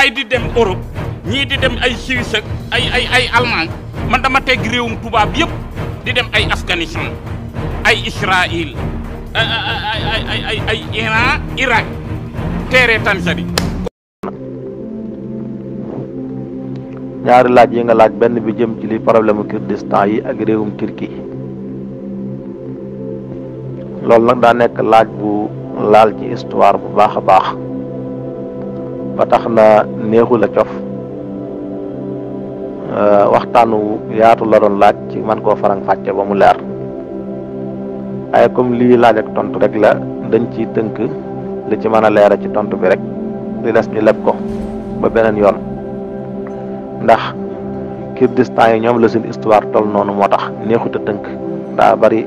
gaay di dem Europe ñi di dem ay Suisse ak ay ay ay allemand man dama di dem ay Afghanistan ay Israël ay ay ay ay ay iran Iran Irak tan Tanzanie ñaari laaj yi nga laaj benn bi jëm ci li problème Kurdistan yi ak rewum turki lool nak da nek laaj bu laal ci histoire bu baaxa baax ba tax na neexul la cof euh, waxtaan wu yaatu la doon laaj ci man koo faram fàcce ba mu leer ay comme lii laaj ak tontu rek la dañ ci tënk li ci mën a leera ci tontu bi rek li des ñu leb ko ba beneen yoon ndax Kurdistan yi ñoom la seen histoire toll noonu moo tax neexut a tënk daa bari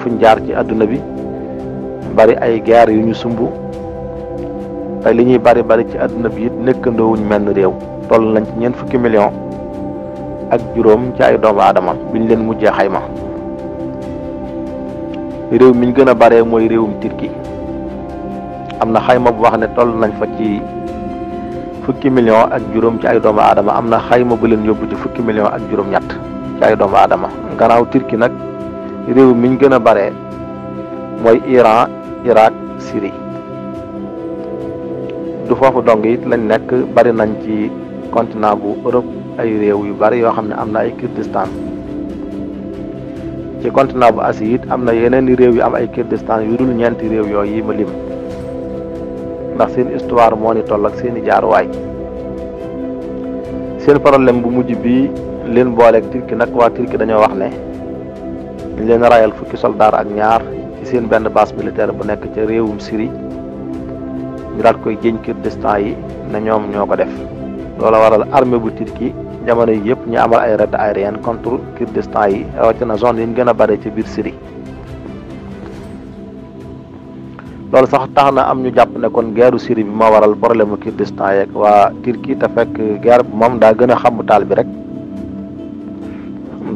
fuñ jaar ci àdduna bi bari ay guerre yu ñu sumb tey li ñuy bari bari ci àdduna bi it nekkandoowuñ menn réew toll nañ ci ñeent fukki million ak juróom ci ay doomu aadama biñ leen mujjee xayma réew miñ gën a baree mooy réewum Turquie am na xayma bu wax ne toll nañ fa ci fukki million ak juróom ci ay doomu aadama am na xayma bu leen yóbbu ci fukki million ak juróom-ñett ci ay doomu aadama gannaaw Turquie nag réew miñ gën a bare mooy Iran Irak Syrie du fofu dong it lañ nek bari nañ ci continent bu Europe ay rew yu bari yo xamne amna ay Kurdistan ci continent bu Asie it yenen rew yu am ay Kurdistan yu dul ñeenti rew yo yi ma lim ndax seen histoire mo ni tollak seen jaar way seen problème bu mujj bi leen booleeg turki nak wa turki dañoo wax ne leen rayal fukki ak ñaar ci seen benn base militaire bu nekk ci réewum Syrie ñu daal koy jëñ Kurdistan yi ne ñoom ñoo ko def loola waral armée bu Turquie jamono yi yëpp ñu amal ay raid aérien contre Kurdistan yi rawatina zone yi ñu gën a bare ci biir Syrie loolu sax tax na am ñu jàpp ne kon guerre Syrie bi moo waral problème mu Kurdistan yeeg waa Turquie te fekk guerre bi moom daa gën a xamu taal bi rek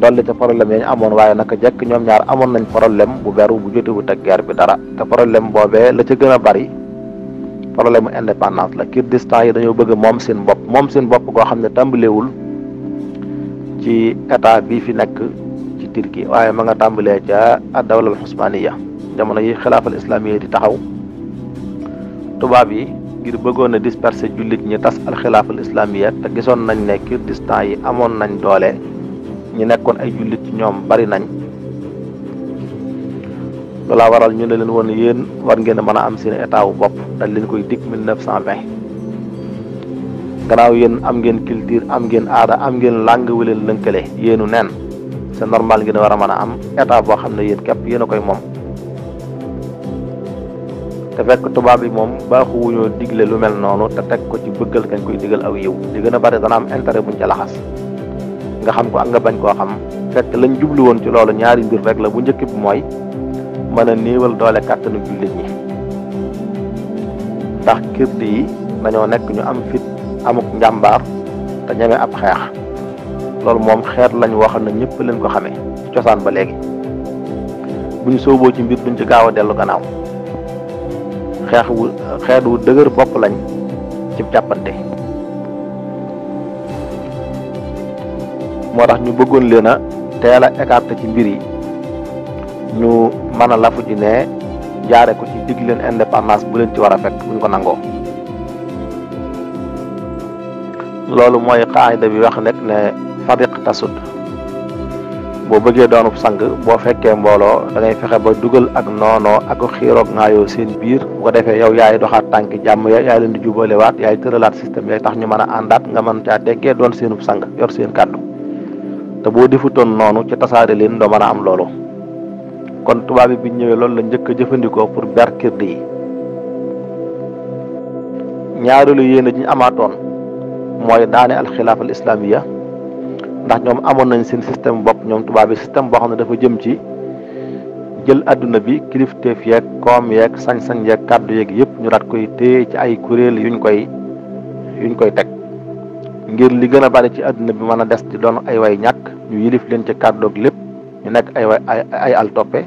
dolli ca problème yi amoon waaye naka jekk ñoom ñaar amoon nañ problème bu beru bu jote bu teg bi dara te problème boobee la ca gën a bari problème mu indépendance la Kurdistan yi dañoo bëgg moom seen bopp moom seen bopp goo xam ne tàmbalewul ci état bii fi nekk ci Turquie waaye ma nga tàmbalee ca ad-dawla al-usmaniya jamono yi xilaafal islamiya di taxaw tubaab yi ngir bëggoon a disperser jullit ñi tas al xilaafal islamiya te gisoon nañ ne Kurdistan yi amoon nañ doole ñu nekkoon ay jullit ñoom bari nañ. loolaa waral ñu ne leen woon yéen war ngeen a mën a am seen état wu bopp dañ leen koy cent 1920 gannaaw yéen am ngeen culture am ngeen aada am ngeen langue wu leen lënkale yéenu neen c'est normal ngeen war a mën a am état boo xam ne yéen képp yéen a koy moom. te fekk tubaab bi moom baaxu wuñoo digle lu mel noonu te teg ko ci bëggal kañ koy digal aw yiw li gën a bari dana am intérêt buñ ca laxas nga xam ko ak nga bañ koo xam fekk lañ jublu woon ci loolu ñaari mbir la bu njëkk mooy mën a doole kàttanu jullit ñi ndax kirdi yi dañoo nekk ñu am fit amuk njàmbaar te ñeme ab xeex loolu moom xeet lañ waxoon na ñëpp leen ko xamee cosaan ba léegi buñ sooboo ci mbir duñ ci gaaw a dellu gannaaw xeex wu xeet wu dëgër bopp lañ ci jàppante moo tax ñu bëggoon leen a teel a écarté ci mbir yi ñu mana a lapp ci ne jaare ko ci digg leen indépendance bu leen ci war a fekk buñ ko nangoo loolu mooy xaayda bi wax nekk ne fadiq tasud boo bëggee doonub sang boo fekkee mbooloo da ngay fexe ba dugal ak noonoo ak xiiroog ngaayoo seen biir bu ko defee yow yaay doxaat tànk jàmm ya yaay leen di jubalewaat yaay tëralaat système yaay tax ñu mën a àndaat nga mën caa tekkee doon seenub sang yor seen kàddu te boo defutoon noonu ci tasaare leen doo mën a am loolu kon tubaab yi bi ñëwee loolu la njëkk a jëfandikoo pour berkirde yi ñaareelu yéene ji ñu amaatoon mooy daane alxilaafa al islaamiya ndax ñoom amoon nañ seen système bopp ñoom tubaab yi système boo xam ne dafa jëm ci jël àdduna bi kilifteef yeeg koom yeeg sañ-sañ yeeg kàddu yeeg yëpp ñu daat koy téye ci ay kuréel yuñ koy yuñ koy teg ngir li gën a bari ci àdduna bi mën a des di doon ay way ñàkk ñu yilif leen ci kàddoog lépp ñu nekk ay way ay ay altoppe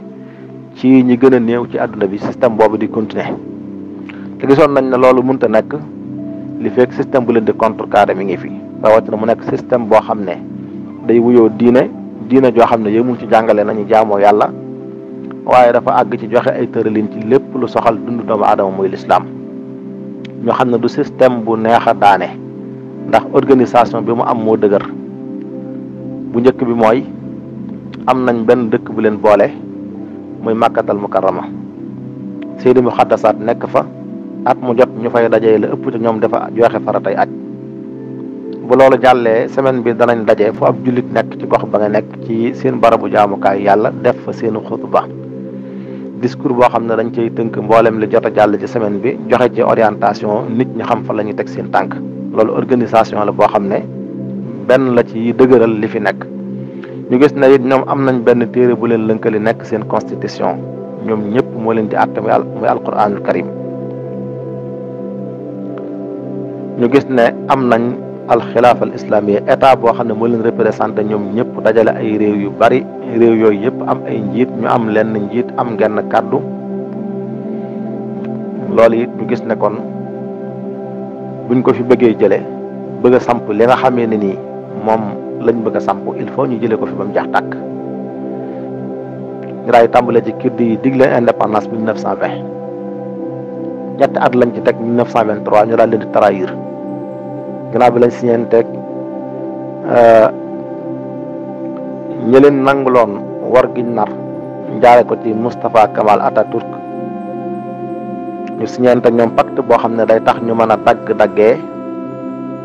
ci ñi gëna neew ci aduna bi système bobu di continuer té gisoon nañ na loolu mënta nak li fekk système bu leen di contre cadre mi ngi fi rawatina mu nekk système bo xamné day wuyoo diiné diiné jo xamné ne ci jàngalé nañu jaamo yalla waye dafa ag ci joxe ay tëralin ci lepp lu soxal dundu doomu adam moy l'islam ñu xam du système bu neexa a daane ndax organisation bi mu am mo deugar bu ñëkk bi moy am nañ ben dëkk bu leen boole muy al mukarrama seeni muhaddasat nek fa at mu jot ñu fay dajé la ëpp ci ñom dafa joxe faratay acc bu lolu jallé semaine bi danañ dajé fu ab julit nek ci gox ba nga nek ci seen barabu kay yalla def fa seen khutba discours bo xamne dañ cey teunk mbollem li jotta jall ci semaine bi joxe ci orientation nit ñi xam fa lañu tek seen tank lolu organisation la bo xamne ben la ci li fi nekk ñu gis na it ñoom am nañ benn téere bu leen lënkale nekk seen constitution ñoom ñëpp moo leen di àtte muy alquranul karim ñu gis ne am nañ alxilaafa al islaamiya état boo xam ne moo leen représenté ñoom ñëpp dajale ay réew yu bari réew yooyu yëpp am ay njiit ñu am lenn njiit am genn kàddu loolu it ñu gis ne kon buñ ko fi bëggee jële bëgg a samp li nga xamee ne nii moom lañ bëgg a samp il faut ñu jëlee ko fi ba mu jeex tàkk raay tàmbale ci kirdi yi digle indépendance 1920 ñetti at lañ ci teg 1923 ñu daal leen di trahir gannaaw bi lañ signé teg euh, ñi leen nanguloon war gi nar njaare ko ci Moustapha Kamal Atatürk ñu signé teg ñoom pacte boo xam ne day tax ñu mën a dagg daggee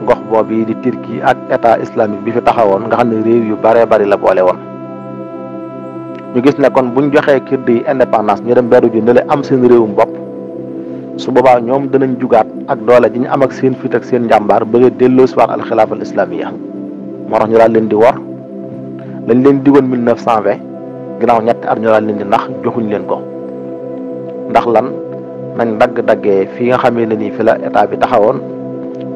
gox bobu di turki ak état islamique bi fi taxawoon nga xamne rew yu bare bare la bolé won ñu gis ne kon buñ joxé kurdi yi indépendance ñu dem bëru ju ne am seen réewum bop su boba ñom danañ jugaat ak doole ji ñu am ak seen fit ak seen jambar bëgg a wax al khilaf al islamiyya mo tax ñu daal leen di wor lañ leen digoon 1920 ginaaw ñett at ñu daal leen di nax joxuñ leen ko ndax lan nañ dag dagge fi nga xamé ni fi la état bi taxawoon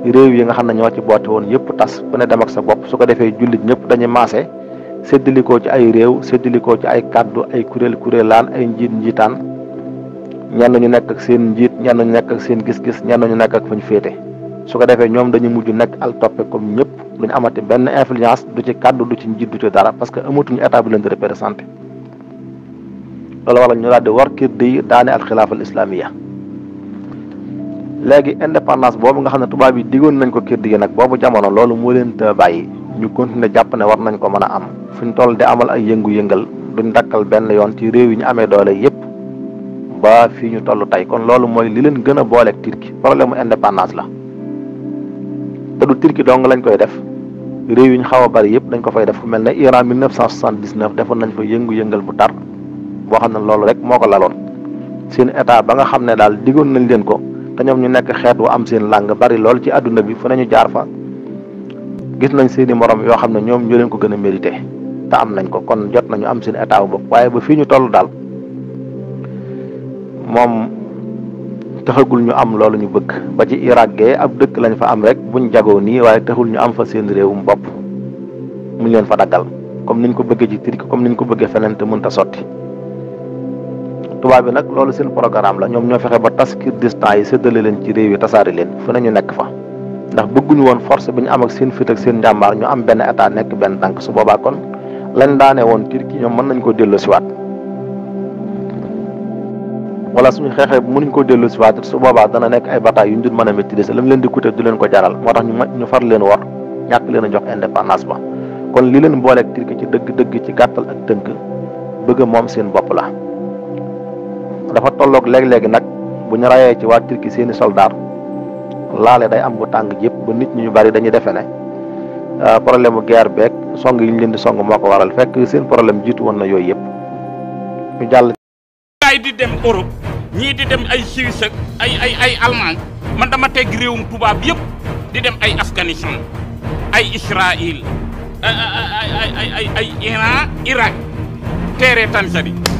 réew yi nga xam ne ñoo ci boote woon yëpp tas ku ne dem ak sa bopp su ko defee jullit ñëpp dañuy maase séddalikoo ci ay réew séddalikoo ci ay kàddu ay kuréel kuréelaan ay njiit njiitaan ñenn ñu nekk ak seen njiit ñenn ñu nekk ak seen gis-gis ñenn ñu nekk ak fu ñu féete su ko defee ñoom dañuy mujj nekk al toppe comme ñëpp lu ñu amati benn influence du ci kàddu du ci njiit du ci dara parce que amatuñu état bi leen di représenté loolu wala ñu daal di war kir di daane al xilaafa al léegi indépendance boobu nga xam ne tubaab yi diggoon nañ ko Kirdige nag boobu jamono loolu moo leen te bàyyi ñu continuer jàpp ne war nañ ko mën a am fu ñu toll di amal ay yëngu-yëngal duñ dakkal benn yoon ci réew yi ñu amee doole yépp ba fii ñu toll tey kon loolu mooy li leen gën a booleeg Turquie problème mu indépendance la te du tirki dong lañ koy def réew yi ñu xaw a bari yépp dañ ko fay def fu mel ne Iran 1979 defoon nañ fa yëngu-yëngal bu tar boo xam loolu rek moo ko laloon seen état ba nga xam ne daal diggoon nañ leen ko. te ñu nekk xeet wu am seen làng bari lool ci àdduna bi fu nañu jaar fa gis nañ seeni morom yoo xam ne ñoom ñoo leen ko gën a mérité te am nañ ko kon jot nañu am seen état bu bopp waaye ba fii ñu tollu daal moom taxagul ñu am loolu ñu bëgg ba ci Irak gee ab dëkk lañu fa am rek buñ jagoo nii waaye taxul ñu am fa seen réewum bopp mu leen fa daggal comme niñ ko bëggee ci Turquie comme niñ ko bëggee feneen te mënta sotti tuba bi nak lolou seen programme la ñom ñoo fexé ba taskir distant yi sédalé leen ci réew yi tassari leen fu nañu nek fa ndax bëgguñu won force bi ñu am ak seen fit ak seen jambar ñu am ben état nek ben tank su boba kon lañ daané won turki ñom mën nañ ci delloosiwaat wala suñu xeexee mënuñ ci delloosiwaat su boobaa dana nek ay bataay yu ñu dul maîtriser lam leen di kuté du leen ko jaral motax ñu ñu far leen war ñak leen jox indépendance ba kon li leen booleeg turki ci dëgg-dëgg ci gattal ak tënk bëgg mom seen bop la dafa tollook léeg-léegi nag bu ñu rayee ci waa Turquie seeni soldaar laale day am bu tàng yëpp bu nit ñu bari dañuy defe ne euh, problème mu guerre beeg song yi ñu leen di song moo ko waral fekk seen problème jiitu woon na yooyu yëpp ñu jàll. di dem teg réewum